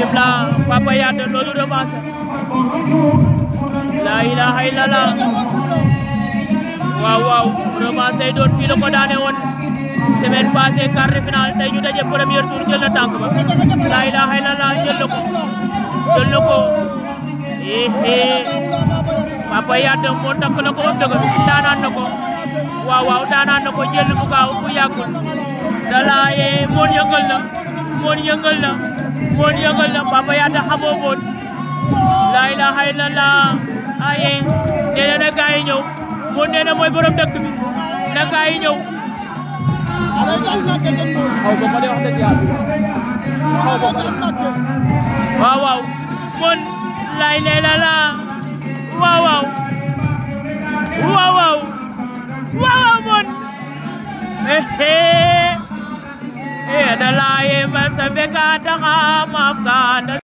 bi blanc Papa Yade loolu revanche la ilaha illallah waaw waaw revanche day doon fii la ko daane woon semaine passée quart de finale tey ñu daje na tànk ba la ilaha illallah jël na ko jël na ko eh, eh. Papa Yade ko ëpp daanaan na ko waaw daanaan na ko jël bu gaaw bu yàggul da eh, moon yëngal na moon yëngal na Mbodj yëngal na Papa Yada xamoo Mbodj laa ilaaha illallaah aye nee na na gaa yi ñëw Mbodj nee na mooy na gaa yi ñëw xaw ma ko de wax dëgg yàlla xaw ma ko waaw waaw Mbodj laa ilaaha illallaah waaw waaw waaw waaw waaw Mbodj